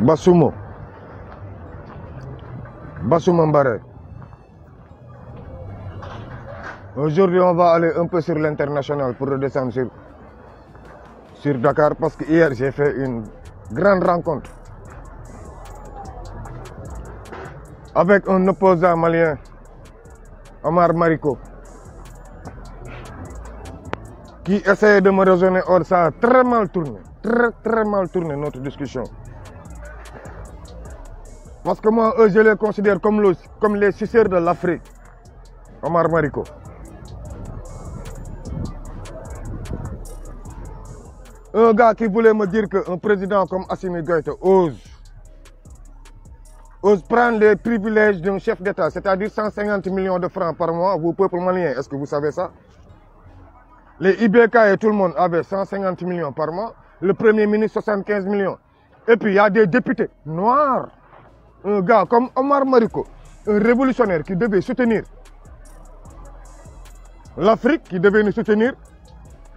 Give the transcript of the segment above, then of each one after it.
Basumo. Basumo Mbare Aujourd'hui, on va aller un peu sur l'international pour redescendre sur, Dakar parce que hier, j'ai fait une grande rencontre avec un opposant malien, Omar Mariko, qui essayait de me raisonner Or ça a très mal tourné, très très mal tourné notre discussion. Parce que moi, eux, je les considère comme, comme les suceurs de l'Afrique. Omar Mariko. Un gars qui voulait me dire qu'un président comme Assimi Goïta ose, ose prendre les privilèges d'un chef d'État, c'est-à-dire 150 millions de francs par mois, vous, peuple malien, est-ce que vous savez ça Les IBK et tout le monde avaient 150 millions par mois, le Premier ministre 75 millions. Et puis, il y a des députés noirs un gars comme Omar Mariko, un révolutionnaire qui devait soutenir l'Afrique, qui devait nous soutenir,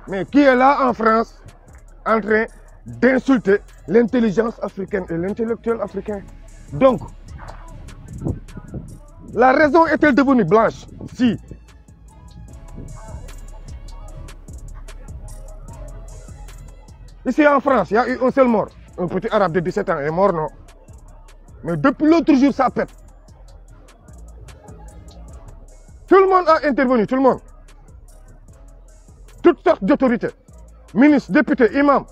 mais qui est là en France en train d'insulter l'intelligence africaine et l'intellectuel africain. Donc, la raison est-elle devenue blanche Si Ici en France, il y a eu un seul mort. Un petit arabe de 17 ans est mort, non mais depuis l'autre jour, ça pète. Tout le monde a intervenu, tout le monde. Toutes sortes d'autorités. Ministres, députés, imams,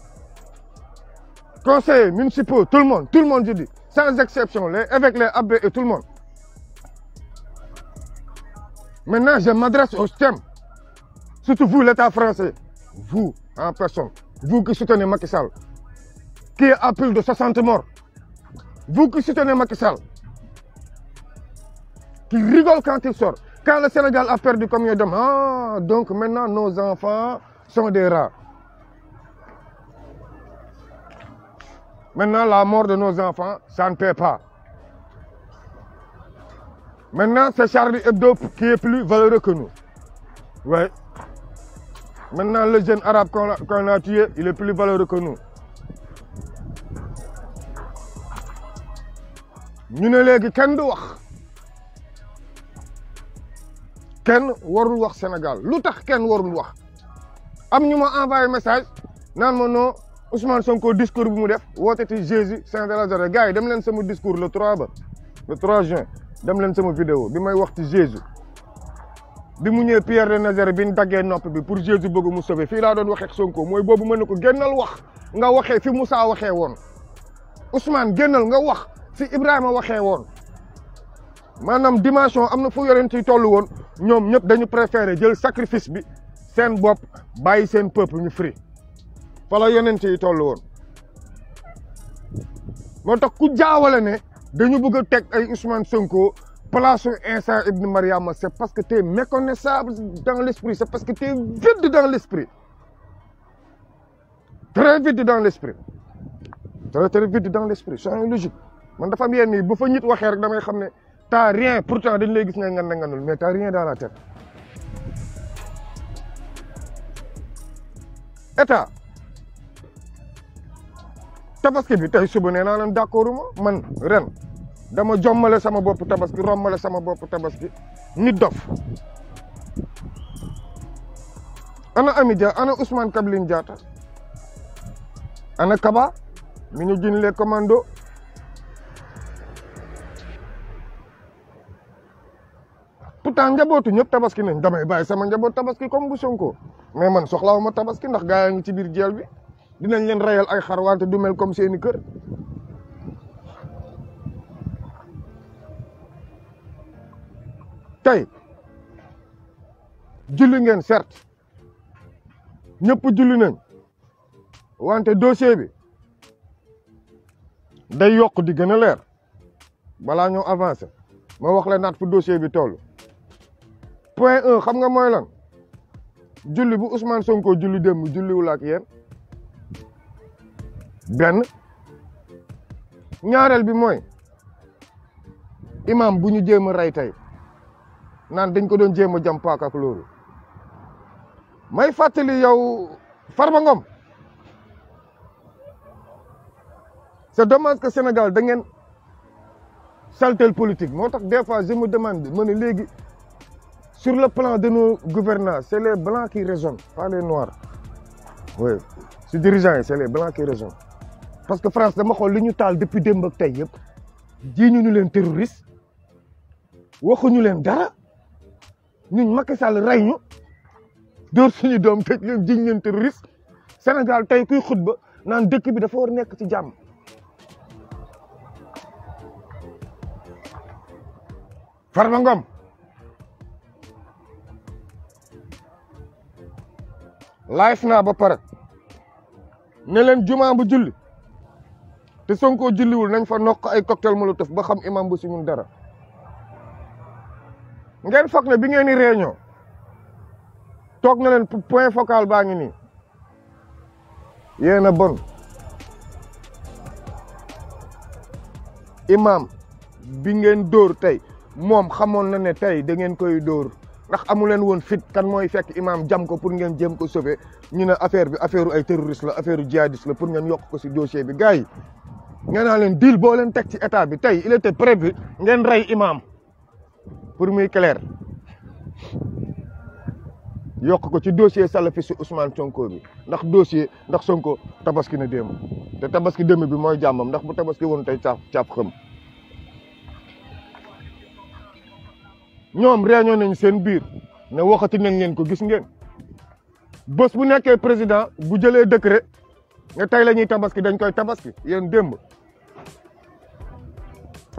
conseillers municipaux, tout le monde, tout le monde, je dis. Sans exception, les évêques, les abbés et tout le monde. Maintenant, je m'adresse au système. Surtout vous, l'État français. Vous, en personne. Vous qui soutenez Macky Sall. Qui a plus de 60 morts. Vous qui soutenez Macky Sall, qui rigole quand il sort, quand le Sénégal a perdu comme combien d'hommes, ah, donc maintenant nos enfants sont des rats. Maintenant, la mort de nos enfants, ça ne paie pas. Maintenant, c'est Charlie Hebdo qui est plus valeureux que nous. Ouais. Maintenant, le jeune arabe qu'on a, a tué, il est plus valeureux que nous. ñu ne léegi kenn du wax kenn warul wax Sénégal lu tax kenn warul wax am ñu ma envoyé message naan ma non Ousmane Sonko discours bi mu def wooteti Jésus Saint de Nazareth gars yi dem leen sama discours le 3 ba le 3 juin dem leen sama vidéo bi may wax ci Jésus bi mu ñëwee Pierre de Nazareth bi ñu daggee nopp bi pour Jésus bëgg mu sauver fii laa doon waxee ak Sonko mooy boobu mën ne ko génnal wax nga waxee fi Moussa waxee woon Ousmane génnal nga wax fi Ibrahima waxé won manam dimension am fu yonent yi toll woon ñoom ñëpp dañu préférer jël sacrifice bi sen bop bàyyi sen peuple ñu fri fa la yonent yi toll woon moo tax ku jaawale né dañu bëgg tek ay Ousmane Sonko place Insa ibn Maryama. c'est parce que tu es méconnaissable dans l'esprit c'est parce que tu es vide dans l'esprit très vide dans l'esprit très très vide dans l'esprit c'est logique man dafa am yenn bu fa nit waxe rek damay xamne ta rien pourtant dañ lay gis ngay ngan nganul mais ta rien dans la tête eta tabaski bi tay suba nee lan d'accorduma man ren dama jommale sama bop tabaski romale sama bop tabaski nit dof ana Amidia ana Ousmane Kablin jata ana Kaba mi ñu jënlee commando pourtant njabootu ñëpp tabaski nañ damay bàyyi sama njaboot tabaski comme bu ko mais man soxlawuma tabaski ndax gaa yaa ngi ci biir jeel bi dinañ leen rayal ay xar wante du mel comme seeni kër tey julli ngeen certes ñëpp julli nañ wante dossier bi day yokk di gën a leer balaa ñoo avancer ma wax leen naat fu dossier bi toll point 1 xam nga moy lan julli bu Ousmane Sonko julli julli julliwul ak yeen ben ñaareel bi moy imam buñu jëm ray tay nan dañ ko doon jëm jam pak ak lolu may fatali yow Farba Ngom c'est dommage que Sénégal da ngeen saltel politique motax des fois je me demande mané ne Sur le plan de nos gouvernants, c'est les blancs qui raisonnent, pas les noirs. Oui, c'est dirigeant, c'est les blancs qui raisonnent. Parce que France, nous xool depuis des nous Nous sommes des terroristes. nous sommes des Nous dara sommes Macky Sall Nous ñu des suñu Nous sommes des C'est Sénégal tey kuy sommes des bi dafa war ci sommes des Ngom. Life na ba pare ne len juma bu julli te Sonko wul nañ fa nok ay cocktail molotov ba xam imam bu suñu dara ngeen foog ne bi ngeen ni réunion tok na len point focal baa ngi bon imam bi ngeen dor tay mom xamone na ne tay da ngeen koy dor ndax amu leen woon fit kan mooy fekk imaam jam ko pour ngeen jéem ko sauver ñu ne affaire bi affaire ay terroriste la affaire djihadiste la pour ngeen yokk ko si dossier bi gars yi naa leen deal boo leen teg ci état bi tey il était prévu ngeen rey imaam pour muy clair yokk ko ci dossier salafiste Ousmane Sonko bi ndax dossier ndax Sonko tabaski na démb te tabaski démb bi mooy jàmmam ndax bu tabaski woon tey caaf caaf xam ñoom réunion nañ seen biir ne waxati nañ leen ko gis ngeen bés bu nekkee président bu jëlee décret ne tey la ñuy tabaski dañ koy tabaski yéen démb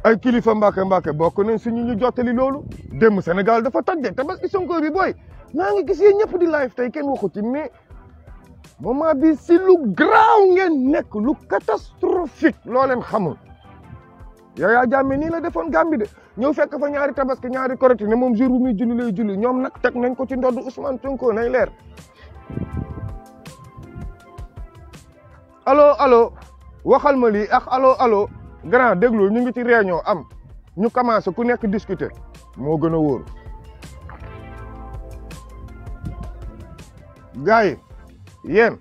ay kilifa Mbàkke Mbàkke bokk nañ si ñu ñu jottali loolu démb Sénégal dafa toj de tabaski Sonko bi booy naa ngi gis yéen ñëpp di live tey kenn waxu ci mais moment bi si lu graaw ngeen nekk lu catastrophique loo leen xamul. Yaya Jammeh nii la defoon Gàmbi de ñëw fekk fa ñaari tabaski ñaari korite ne moom jour bu muy julli lay julli ñoom nag teg nañ ko ci ndodd Ousmane Sonko nay leer allo allo waxal ma lii ak allo allo grand déglo ñu ngi ci réunion am ñu commencé ku nekk discuter moo gën a wóor gars yi yéen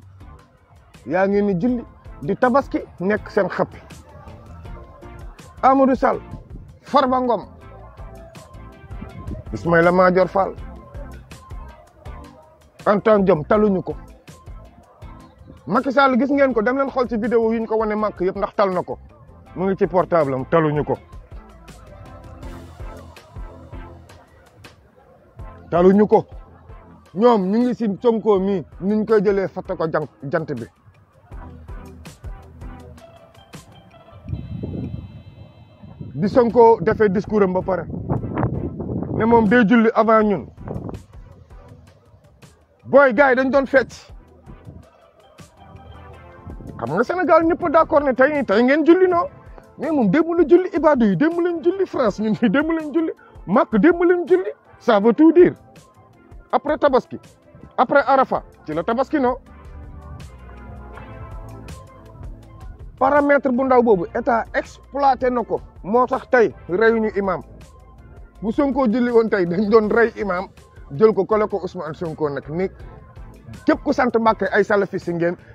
yaa ngi ni julli di tabaski nekk seen xappi Amadou Sall Farba Ngom Ismaïla Madior Fall Antoine Diome taluñu ko Macky Sall gis ngeen ko dem leen xool ci vidéo yi ko wone màkk yëpp ndax tal na ko mu ngi ci portable am taluñu ko taluñu ko ñoom ñu ngi si Sonko mii niñ koy jëlee fatta ko jant bi di Sonko defee discours am ba pare ne moom day julli avant ñun booy gars yi dañ doon fecc xam nga Sénégal ñëpp d'accord ne tey tey ngeen julli noo mais moom démb la julli ibaadu yi démb lañ julli France ñun fii démb lañ julli Màkk démb lañ julli ça veut tout dire après Tabaski après Arafa ci la Tabaski noo paramètre bu ndaw bobu état exploité nako motax tay tax imam bu Sonko julli won tay dañ don rey imam djel ko kolé ko Ousmane Sonko nak ni kep ko sante Mbàkke ay salafi si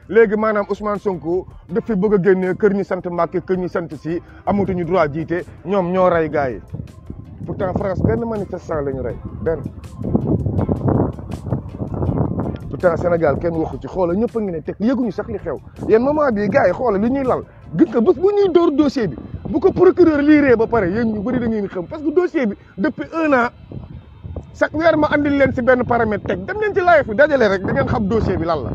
légui manam Ousmane Sonko daf fi bëgg a kër ñu sante Mbàkke kër ñu ci si ñu droit jiite ñom ñoo rey gaay pourtant France ben manifestant lañu ñu ben temps Sénégal kenn waxu ci xoola ñëpp a ngi teg yëguñu sax li xew yéen moment bii gars yi xoola li ñuy lal gis bu ñuy door dossier bi bu ko procureur liiree ba pare yéen ñu bëri da ngeen xam parce que dossier bi depuis un an chaque weer ma andil leen si benn paramètre teg dem leen ci live bi dajale rek di ngeen xam dossier bi lan la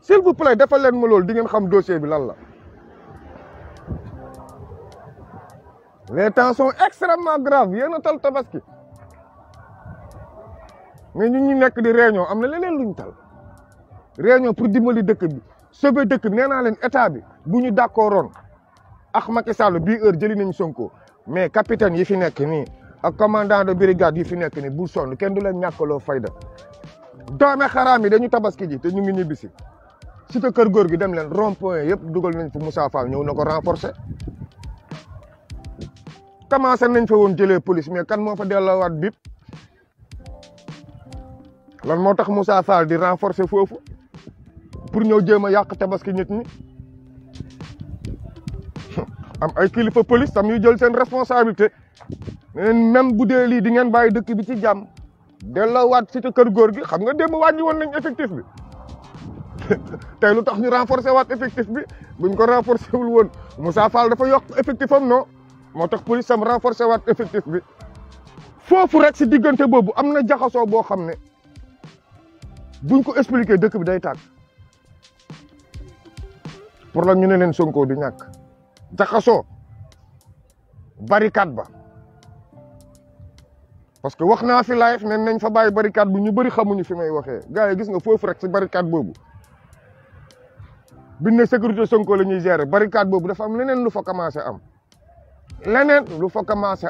s'il vous plaît defal leen ma loolu di ngeen xam dossier bi lan la les temps sont extrêmement graves yéen tal tabaski mais ñun ñu nekk di réunion am na leneen luñ tal réunion pour dimbali dëkk bi sauver dëkk bi nee naa leen état bi bu ñu d'accordoon ak Macky Sall bii heure jëli nañ Sonko mais capitaine yi fi nekk nii ak commandant de brigade yi fi nekk nii bu sonn kenn du leen ñàkkaloo fayda doome xaraam yi dañu tabaski ji te ñu ngi ñibbisi si te kër góor gi dem leen rond point yëpp dugal nañ fa Moussa Fall ñëw na ko renforcer commencé nañ fa woon jëlee police mais kan moo fa delloowaat bip lan mo tax Moussa Sall di renforcer fofu pour ñeu jema yak tabaski nit ñi am ay kilifa police tam ñu jël sen responsabilité même boudé li di ngeen baye dëkk bi ci jàmm délo wat ci kër góor gi xam nga dem wàññi won nañ effectif bi tay lu tax ñu renforcer wat effectif bi buñ ko renforcer wul won Moussa Fall dafa yok effectif am non moo tax police am renforcer wat effectif bi fofu rek ci digënté bobu am jaxaso bo xamné buñ ko expliquer dëkk bi day tàkk problème ñu ne leen Sonko du ñàkk jaxasoo barricade ba parce que wax naa fi live ne nañ fa bàyyi barricade bu ñu bari xamuñu fi may waxee gars yi gis nga foofu rek si barricade boobu bi ne sécurité Sonko la ñuy gérer barricade boobu dafa am leneen lu fa commencé am leneen lu fa commencé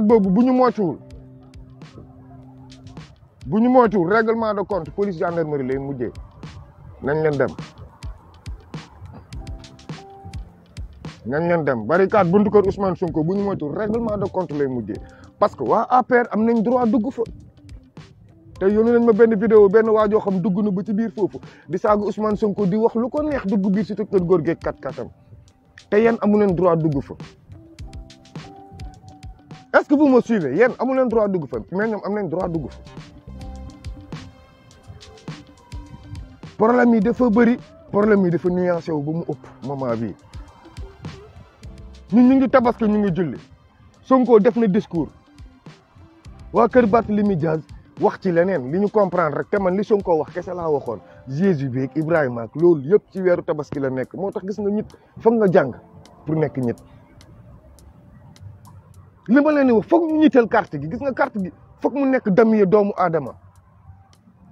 boobu bu ñu moytuwul bu ñu moytuwul règlement de compte police gendarmerie lay mujjee nañ leen dem nañ leen dem barricade buntu kër Ousmane Sonko bu ñu moytuwul règlement de compte lay mujjee parce que waa APR am nañ droit dugg fa te yónni nañ ma benn vidéo benn waajoo xam dugg na ba ci biir foofu di saaga Ousmane Sonko di wax lu ko neex dugg biir si kër góor geeg kat te yéen amu leen droit dugg fa est-ce que vous me suivez yéen amu leen droit dugg fa mais ñoom am nañ droit dugg fa problème yi dafa bari problème yi dafa nuancé wu ba mu ëpp moment bii ñun ñu ngi tabaski ñu ngi julli Sonko def na discours wa keur bat limi jazz wax ci leneen li ñu comprendre rek té man li Sonko wax kessa la waxoon Jésus bi ak Ibrahima ak lool yépp ci wéru tabaski la nekk motax gis nga nit fa nga jang pour nekk nit li ma leen wax foog ñu ñittel carte gi gis nga carte gi foog mu nekk damier doomu adama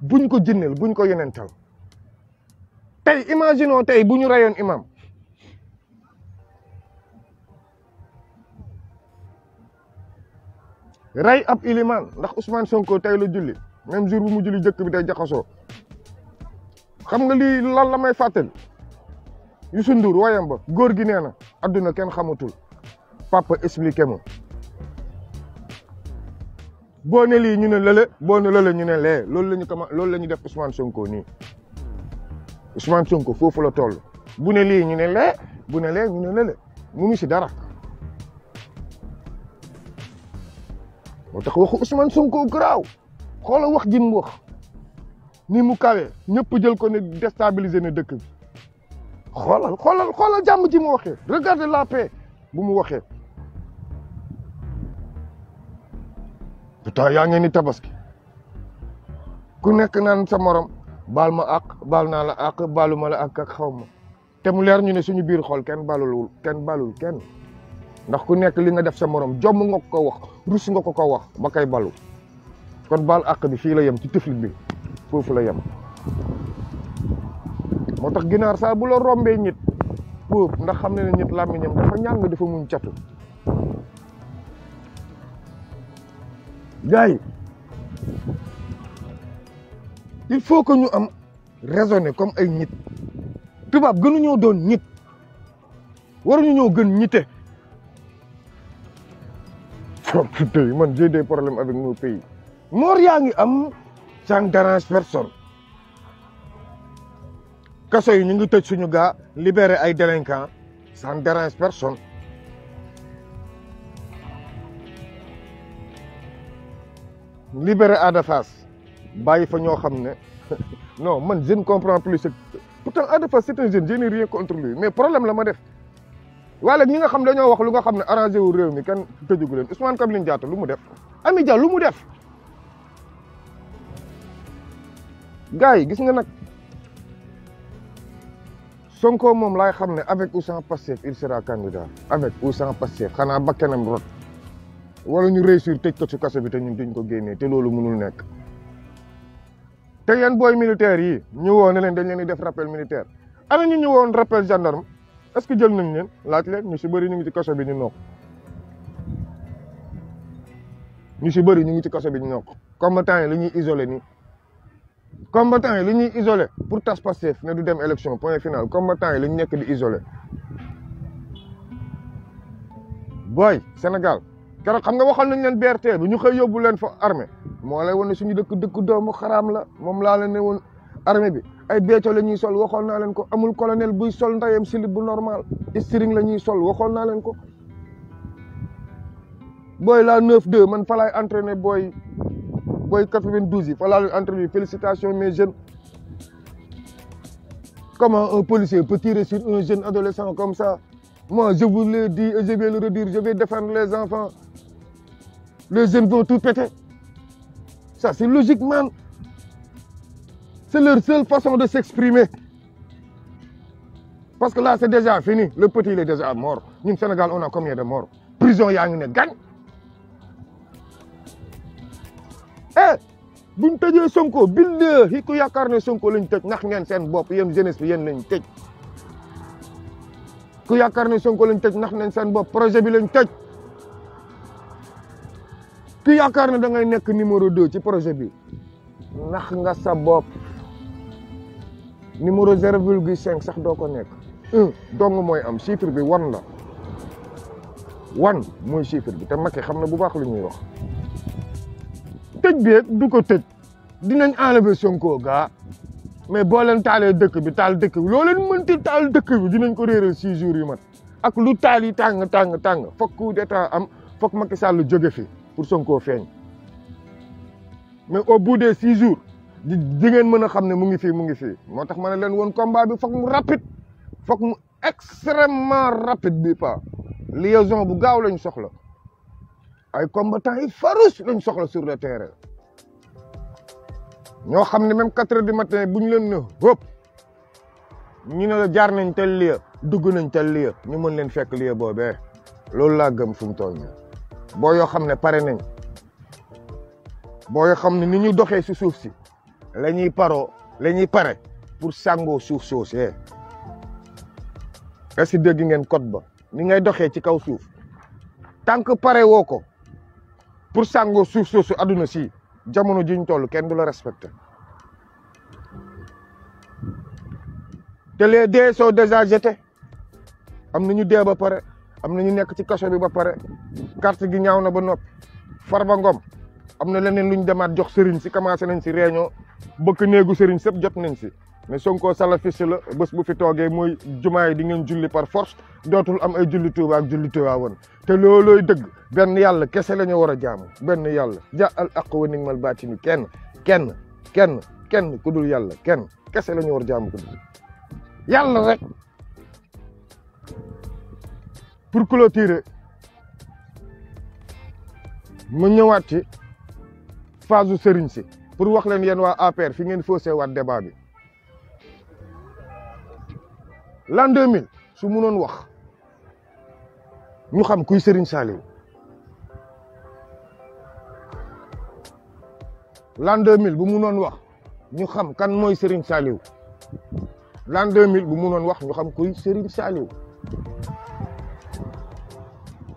buñ ko jinnel buñ ko yonental tay imagine tey tay buñu rayon imam ray ab iliman ndax Ousmane Sonko tay la julli même jour bu mu julli jëkk bi tay jaxasoo xam nga li lan la may fatel Youssou Ndour wayam ba gor gi neena aduna ken xamatul papa expliqué ma boo ne lii ñu ne lële boo ne lële ñu ne lee loolu def Ousmane Sonko Ousmane Sonko foofu la toll bu ne lii ñu ne lee bu ne lee ñu ne mu munu si dara moo tax waxu Ousmane Sonko garaaw xoola wax ji mu wax ni mu kawee ñëpp jël ko ne déstabiliser na dëkk bi xoolal xoolal xoolal jàmm ji mu waxee regarde la paix bu mu waxee pourtant yaa ngeen ni tabaski ku nekk naan sa morom balma ak balna la ak baluma la ak ak xawma ma te mu leer ñu ne suñu biir xol ken balul kenn balul kenn ndax ku nekk li nga def sa morom jom nga ko wax rus nga ko ko wax ba kay balu kon bal ak bi fi la yam ci tëflit bi fofu la yam motax ginar sa bu la rombee nit ndax nit dafa ñang dafa muñ ciatu gay il faut que nous am raisonner comme ay nit tubaab ñoo doon nit waruñu ñoo gën ñite. trop tey man j'ai des problèmes avec nos pays. mor yaa ngi am ça ne dérange personne kaso yi ñu ngi tej suñu gaa libérer ay délinquants ça ne dérange personne. libérer Ada face bàyyi fa ñoo xam ne non man je ne plus ce pourtant Ada Fass c'est un jeune je n'ai rien contre lui mais problème la ma def wala ñi nga xam dañoo wax lu nga xam ne arrangé wu réew mi kenn tëjugu leen Ousmane Kabiline Diatta lu mu def Ami Dia lu mu def gars yi gis nga nag Sonko moom laay xam ne avec ou sans Pastef il sera candidat avec ou sans Pastef xanaa bakkanam rot wala ñu réussir tëj ko ci kaso ñu te duñ ko génnee te loolu mënul nekk te yéen booy militaire yi ñu woo ne leen dañ leen di def rappel militaire ana ñu ñu woon rappel gendarme est-ce que jël nañ leen laaj leen ñu si bëri ñu ngi ci kaso bi ñu nokk ñu si bëri ñu ngi ci kaso bi ñu nokk combattant yi li ñuy isolé nii combattant yi li ñuy isolé pour tas Pastef ne du dem élection point final combattant yi li ñu nekk di isolé booy Sénégal keroog xam nga waxal nañ leen BRT bi ñu xëy yóbbu leen fa armée moo lay wan ne suñu dëkk dëkk doomu xaraam la moom laa leen ne woon armée bi ay bécco la ñuy sol waxoon naa leen ko amul colonel buy sol ndayem silib bu normal string la ñuy sol waxoon naa leen ko booy la 9 2 man fa laay entraîné booy booy 92 yi fa laa leen entraîné félicitations mes jeunes comme un policier peut tirer sur un jeune adolescent comme ça moi je vous le dis et je vais le redire je vais défendre les enfants les jeunes vont tout péter. Ça, c'est logiquement... C'est leur seule façon de s'exprimer. Parce que là, c'est déjà fini. Le petit, il est déjà mort. Nous, au Sénégal, on a combien de morts Prison, il y a une Eh Vous Sonko ko Sonko projet ki yaakaar ne dangay nekk numéro deux ci projet bi nax nga sa bopp numéro zéro virgule cinq sax doo ko nekk un dong mooy am chiffre bi wan la wan mooy chiffre bi ta Macky xam na bu baax lu ñuy wax tëj beeg du ko tëj dinañ enlever Sonko ga mais boo leen taalee dëkk bi taal dëkk bi loo leen mënti taal dëkk bi dinañ ko réeral six jours yu mat ak lu taal yi tàng tàng tàng fokk coup d'état am fokk Macky Sall jóge fi pour Sonko feeñ mais au bout des six jours di ngeen mën a xam ne mu ngi fii mu ngi fii moo tax ma ne leen woon combat bi foog mu rapide foog mu extrêmement rapide bi pas liaison bu gaaw lañ soxla ay combattants yi farouche lañ soxla sur le terrain ñoo xam ne même quatre heures du matin bu ñu leen ne hop ñu ne la jaar nañ tel lieu dugg nañ tel lieu ñu mën leen fekk lieu boobee loolu laa gëm fu mu toll nii boo yoo xam ne pare nañ boo yoo xam ne ni ñu doxee si suuf si la ñuy paroo la ñuy pare pour sàngoo suuf soosee est-ce que dégg ngeen code ba ni ngay doxee ci kaw suuf tant que pare woo ko pour sàngoo suuf soosu adduna si jamono ji ñu toll kenn du la respecté te les dés sont am na ñu dee ba pare. am na ñu nekk ci kaso bi ba pare carte gi ñaaw na ba noppi Farba Ngom am na leneen lu ñu demaat jox sëriñ si commencé nañ si réunion bëkk néegu sëriñ sëpp jot nañ si mais Sonko salafiste la bés bu fi toogee mooy jumaa yi di ngeen julli par force dootul am ay julli Tuuba ak julli Tuuba woon te loolooy dëgg benn yàlla kese la ñu war a jaamu benn yàlla ja al aq wa nig mal baatini kenn kenn kenn kenn ku dul yàlla kenn kese la war a jaamu ku dul yàlla rek pour clôturer mu ñëwaat ci phase su sëriñ si pour wax leen yéen waa APR fi ngeen faussé waat débat bi l'an 2000 su mënoon wax ñu xam kuy sëriñ Saliou l'an 2000 bu mënoon wax ñu xam kan mooy sëriñ Saliou l'an 2000 bu mënoon wax ñu xam kuy sëriñ Saliou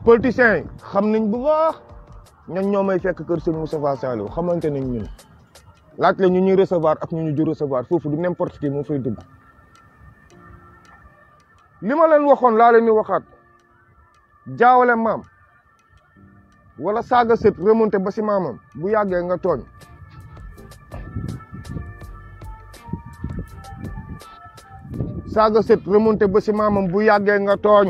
politiciens yi xam nañ bu baax ñan ñoo may fekk keur Serigne Moustapha sallou xamanté nañ ñun lat la ñu ñu recevoir ak ñu ñu ju recevoir fofu du n'importe qui mo fay dugg lima ma leen waxoon laa leen di jaawale mam wala saga set remonté ba ci mamam bu yagge nga togn saga set remonté ba ci mamam bu yagge nga togn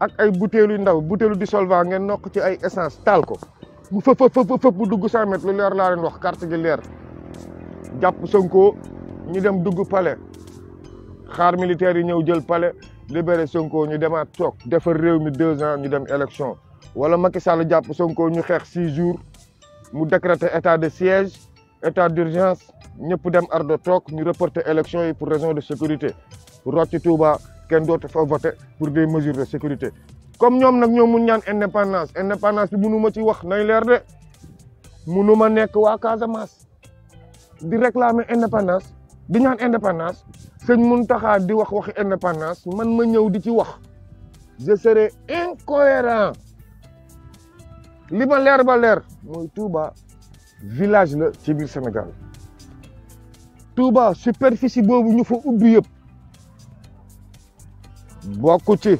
ak ay butéelu yu ndaw butéelu dissolvant ngeen nokk ci ay essence taal ko mu fëp fëp fëp bu dugg 100 mètres lu leer laa leen wax carte gi leer jàpp Sonko ñu dem dugg palais xaar militaire yi ñëw jël palais libéré Sonko ñu demaat toog defar réew mi deux ans ñu dem élection wala Macky Sall jàpp Sonko ñu xeex six jours mu décréter état de siège état d'urgence ñëpp dem ardo toog ñu reporter élection yi pour raison de sécurité rocc Touba kenn dootu fa voté pour des mesures de sécurité comme ñoom nag ñoom mun ñaan indépendance indépendance bi mënu ma ci wax nay leer de mënu ma nekk waa Casamance di réclamer indépendance di ñaan indépendance sëñ Mountakha di wax waxi indépendance man ma ñëw di ci wax je serai incohérent li ma leer ba leer mooy Touba village la ci biir Sénégal Touba superficie boobu ñu fa ubbi yëpp bokku ci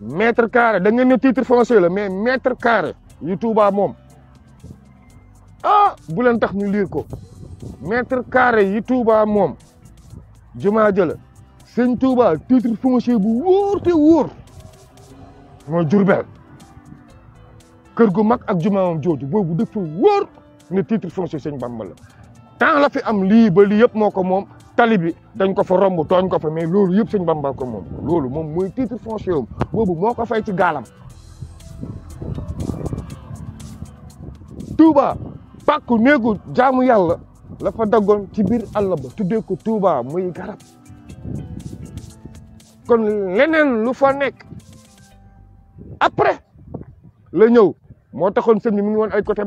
mètre carré da ngeen ne titre foncier la mais mètre carré yu Touba moom ah bu leen tax ñu liir ko mètre carré yi Touba moom jumaa jëla sëñ Touba titre foncier bu wóor te wóor mooy Jurbel kër gu mag ak jumaa moom jooju boobu dafa wóor ne titre foncier sëñ Bamba la temps fi am lii ba lii yëpp moo ko moom tali dañ ko fa romb ko fa mais lolu yeb sëñ Bamba ko qui lolu mom moy titre foncier am boobu fay ci galam Touba pàkku néegu jaamu yalla la fa tout ci bir àll ba ko Touba muy garab après la ñew mo ngi ay côté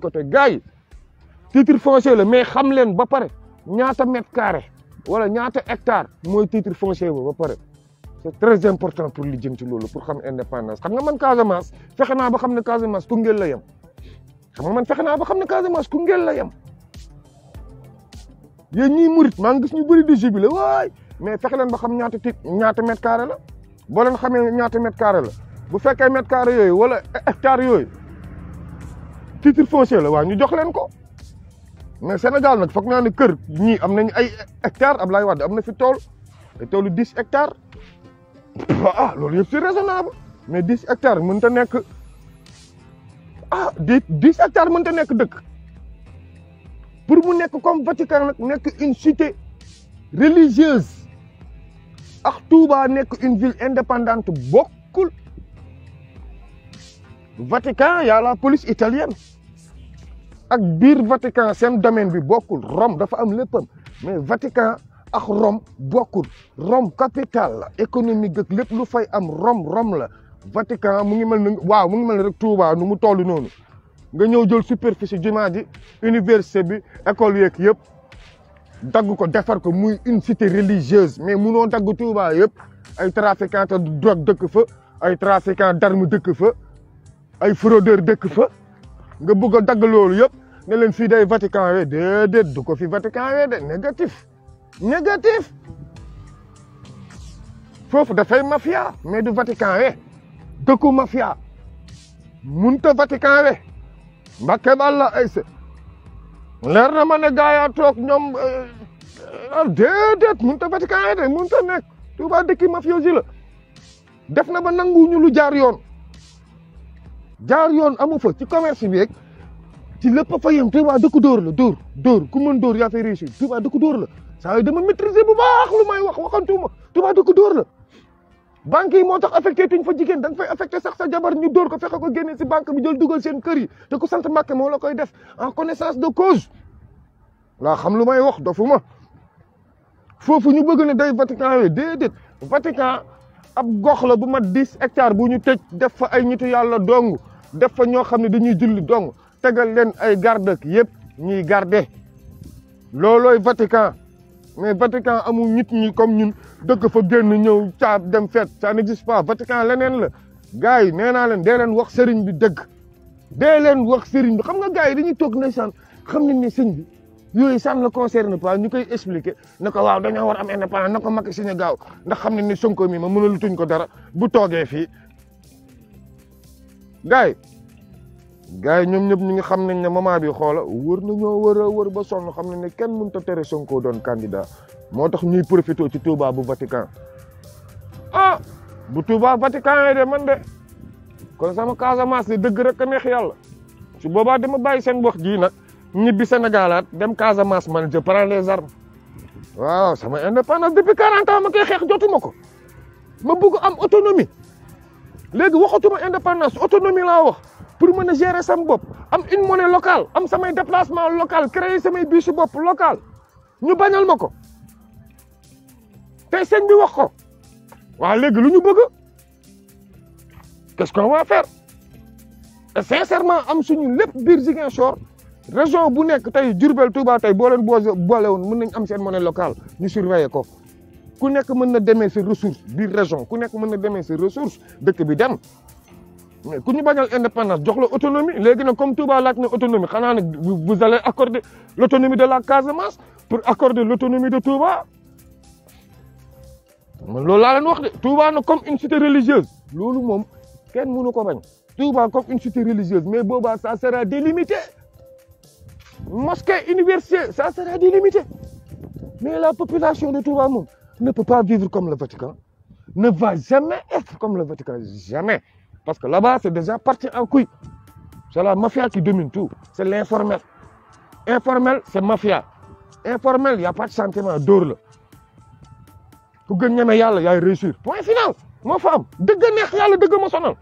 côté titre foncier mais xam len ba ñaata mètre carré wala ñaata hectare mooy titre foncier ba ba pare c'est très important pour li jëm ci loolu pour xam indépendance xam nga man Casamance fexe naa ba xam ne Casamance Koungheul la yem xam nga man fexe naa ba xam ne Casamance Koungheul la yem yéen ñii murit maa ngi gis ñu bëri di jubile waay mais fexe leen ba xam ñaata titre ñaata mètre la boo leen xamee ñaata mètre carré la bu fekkee mètre carré yooyu wala hectare yooyu titre foncier la waaw ñu jox leen ko. mais Sénégal il faut que nous ayons ñii hectares Ablaye fi 10 hectares ah c'est raisonnable mais 10 hectares mën ta que... ah 10 hectares mën ta nekk pour mu nekk comme Vatican nag nekk une cité religieuse ak Touba qu'une une ville indépendante Le Vatican il y a la police italienne ak Vatican Vatican un domaine bi Rome dafa am mais Vatican ak Rome Rome capitale économique Rome Rome la Vatican mu mel waaw mu mel rek Touba superficie université bi école une cité religieuse mais Touba trafiquants de drogue trafiquants d'armes fraudeurs nga bëgg a dagg loolu yëpp ne leen fii day Vatican we déedéet du ko fi Vatican we de négatif négatif foofu dafay mafia mais du Vatican we dëkku mafia munta Vatican we Mbàkke Bàlla ay se leer na ma ne gaa toog ñoom euh, euh, déedéet munta Vatican we de munta nekk Tuuba dëkki mafiosi la def na ba nanguñu lu jaar yoon jaar yoon amu fa ci commerce bi rek ci lépp fa yem Touba dëkku dóor la dóor dóor ku mën door yaa fay réussir Touba dëkku dóor la saa yu dama maîtriser bu baax lu may wax waxantuma Touba dëkku dóor la banque yi moo tax affecté tuñ fa jigéen da nga fay affecté sax sa jabar ñu dóor ko fexe ko génne si banque bi jël dugal seen kër yi te ku sant Mbàkke moo la koy def en connaissance de cause laa xam lu may wax dofuma foofu ñu bëgg ne day Vatican yooyu déedéet Vatican ab gox la bu mat dix hectare bu ñu tëj def fa ay nitu yàlla dong def fa ñoo xam ne dañuy julli dong tegal leen ay garde ak yëpp ñuy garde loolooy Vatican mais Vatican amul nit ñi comme ñun dëkk fa génn ñëw caab dem feet ça n'existe pas Vatican leneen la gars yi nee naa leen dee leen wax sëriñ bi dëgg dee leen wax sëriñ bi xam nga gars yi dañuy toog ndeysaan xam nañ ne sëñ bi yooyu ça na le concerne pas ñu koy expliquer ne ko waaw dañoo war am indépendant na ko Macky signé gaaw ndax xam ne ni Sonko mi ma a tuñ ko dara bu toogee fii gars yi gars yi ñoom ñëpp ñi nga xam nañ ne moment bi xoola wër na ñoo wër a wër ba sonn xam ne ne kenn mënut a tere Sonko doon candidat moo tax ñuy profité ci Touba bu Vatican ah bu Touba Vatican yi de man de kon sama Casamance ne dëgg rek a neex yàlla su boobaa dama bàyyi seen wax ji nag ñibbi Sénégalaat dem Casamance man je prends les armes waaw sama indépendance depuis 40 ma koy xeex jotuma ko ma bëgg am autonomie léegi waxatuma indépendance autonomie la wax pour mën a gérer sama bopp am une local am samay déplacement local créer samay bisu bopp local ñu bañal ma ko tey bi wax ko waa léegi lu ñu bëgg qu'est-ce qu'on va faire et sincèrement am suñu lépp biir Ziguinchor région bu nek tay Touba tay bo leen nañ am monnaie locale surveiller ko ku na ressources ku na ressources indépendance jox la autonomie comme Touba autonomie vous allez accorder l'autonomie de la Casamance pour accorder l'autonomie de Touba man la wax Touba comme une cité religieuse lolu mom ko bañ Touba comme une cité religieuse mais Boba ça sera délimité mosquée, universelle, ça serait délimité. Mais la population de Touba ne peut pas vivre comme le Vatican, ne va jamais être comme le Vatican, jamais. Parce que là-bas, c'est déjà parti en couille. C'est la mafia qui domine tout, c'est l'informel. Informel, c'est mafia. Informel, il n'y a pas de sentiment d'or. Ku gën y a yaay réussir point final Ma femme.. il y a mon dëgg ma sonal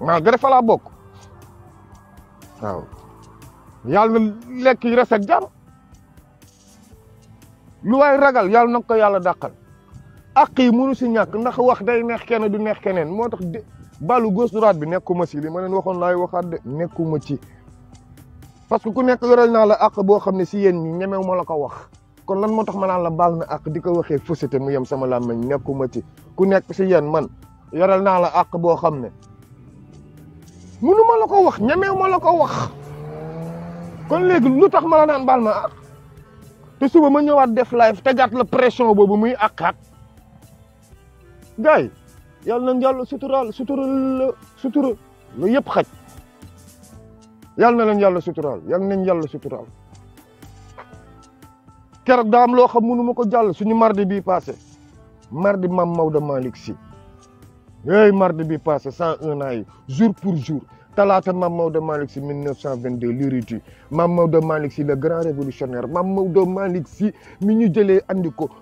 maa gërëm Malgré waaw yàlla na lekk yi rafet jar lu waay ragal yàlla na ko yàlla dàqal àq yi mënu si ñàkk ndax wax day neex kenn du neex keneen moo tax de balu gauche droite bi nekkuma si li ma leen waxoon laay waxaat de nekkuma ci parce que ku nekk yorel naa la àq boo xam ne si yéen ñi ñemew ma la ko wax kon lan moo tax ma naan la bal na àq di ko waxee fausseté mu yem sama làmmiñ nekkuma ci ku nekk si yéen man yorel naa la àq boo xam ne Munu la ko wax Konleg la ko wax kon léegi lu tax ma la nan baal ma te suba ma ñëwaat def live tegaat la pression bobu muy akkat gay yalla na sutural sutural lu yëpp xaj yalla na sutural yang suturaal sutural. nañ loh suturaal keroog daa am loo xam munu mako jall suñu mardi bi passé mardi mam mawda malik si Hey, mardi bi passé cent un ans jour pour jour talaata Mame de Malick Sy 1922 l'érudit Mame de Malick Sy le grand révolutionnaire Mame de Malick Sy mi Andiko. jëlee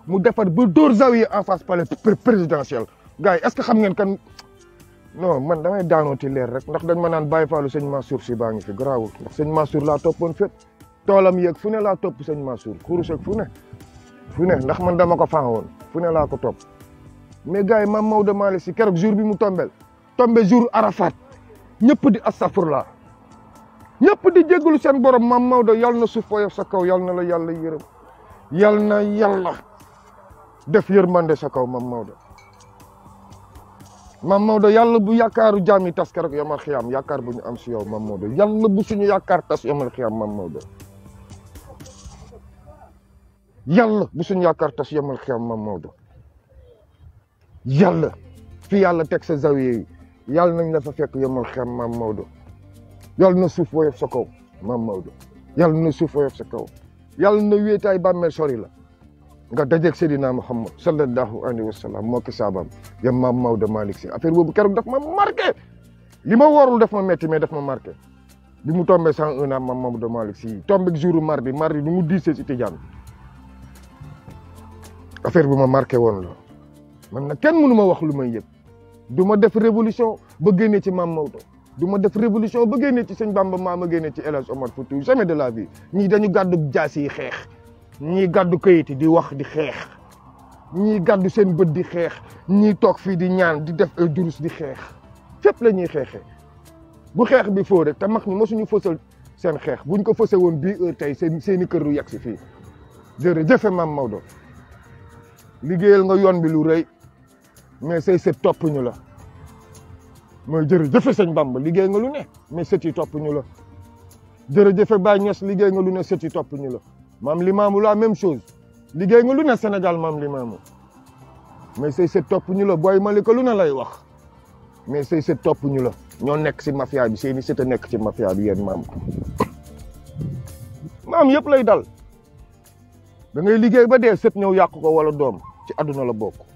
mu defar ba dóor zawiya en face palais présidentiel gars est-ce que xam ngeen kan non man damay daanooti leer rek ndax dañ ma naan bàyyi faalu sëñ Mansour Sy baa ngi fi garaawul ndax sëñ Mansour laa toppoon fépp toolam yeeg fu ne laa topp sëñ Mansour xuruseeg fu ne fune. ne ndax man dama ko faawoon Fune la laa ko topp Mega gars yi maam Maodo Malick si keroog jour bi mu tombe jour Arafat ñëpp di astafurla ñëpp di jégalu sen borom maam Maodo yal na suuf woyof sa kaw yal na la yalla yërëm yal na yalla def yërmande sa kaw maam Maodo maam Maodo yalla bu yakaru jami tas yamal xiyaam yakar bu ñu am ci yow maam Maodo yalla bu suñu yaakaar tas yamal xiyaam maam yalla bu suñu tas yamal yàlla fi yàlla teg sa zawiya yi yàlla nañ la fa fekk yomal xam maam Maodo yàlla na suuf woyof sa kaw maam Maodo yàlla na suuf woyof sa kaw yàlla na wéetaay bàmmeel sori la nga dajeeg Seydina Muhammad sallallahu alayhi wa sallam moo ki saabaam ya maam Maodo Malick si affaire boobu keroog daf ma marqué li ma warul daf ma métti mais daf ma marqué bi mu tombé cent un an maam Maodo Malick si tombé jour mardi mardi bi mu diisee si Tidiane affaire bi ma marqué woon man nag kenn mënu ma wax lu may yëg du ma def révolution ba génnee ci maam Maodo du ma def révolution ba génnee ci sëñ Bamba maa ma génnee ci El Hadj Omar Foutiyou jamais de la vie ñii dañu gàddu jaas yi xeex ñii gàddu kayit yi di wax di xeex ñii gàddu seen bët di xeex ñii toog fii di ñaan di def ay durus di xeex fépp la ñuy xeexee bu xeex bi foo rek te mag ñi mosuñu fësal seen xeex buñ ko fëse woon bii heure tey seen seen i kër du yegg si fii jërëjëf maam Maodo liggéeyal nga yoon mais say sët topp ñu la mooy jërëjëfe sëñ Bamba liggéey nga lu ne mais sët yi topp ñu la jërëjëfe Baye Niass liggéey nga lu ne sët yi topp ñu la maam Limaamu la même chose liggéey nga lu ne senegal Sénégal maam Limaamu mais say sët topp ñu la booy Malika lu ne lay wax mais say sët topp ñu la ñoo nekk si mafia bi seeni sët a nekk ci mafia bi yéen maam maam yëpp lay dal dangay liggéey ba dee sët ñëw yàq ko wala doom ci àdduna la bokk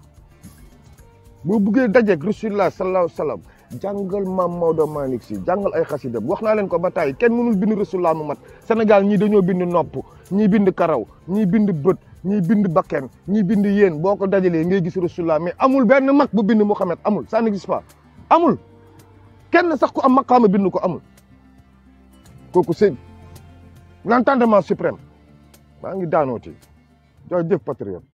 boo buggee dajeeg rasulullah sallallahu alayhi wa jàngal maam Maodo Malick Sy jàngal ay xasidam wax naa leen ko ba tàyyi kenn mënul bind rasulullah mu mat Sénégal ñii dañoo bind nopp ñii bind karaw ñii bind bët ñii bind bakken ñii bind yéen boo ko dajalee ngay gis rasulullah mais amul benn mag bu bind Muhammad amul ça n'existe pas amul kenn sax ku am maqaama bind ko amul kooku c'est l'entendement suprême maa ngi daanooti jooy jëf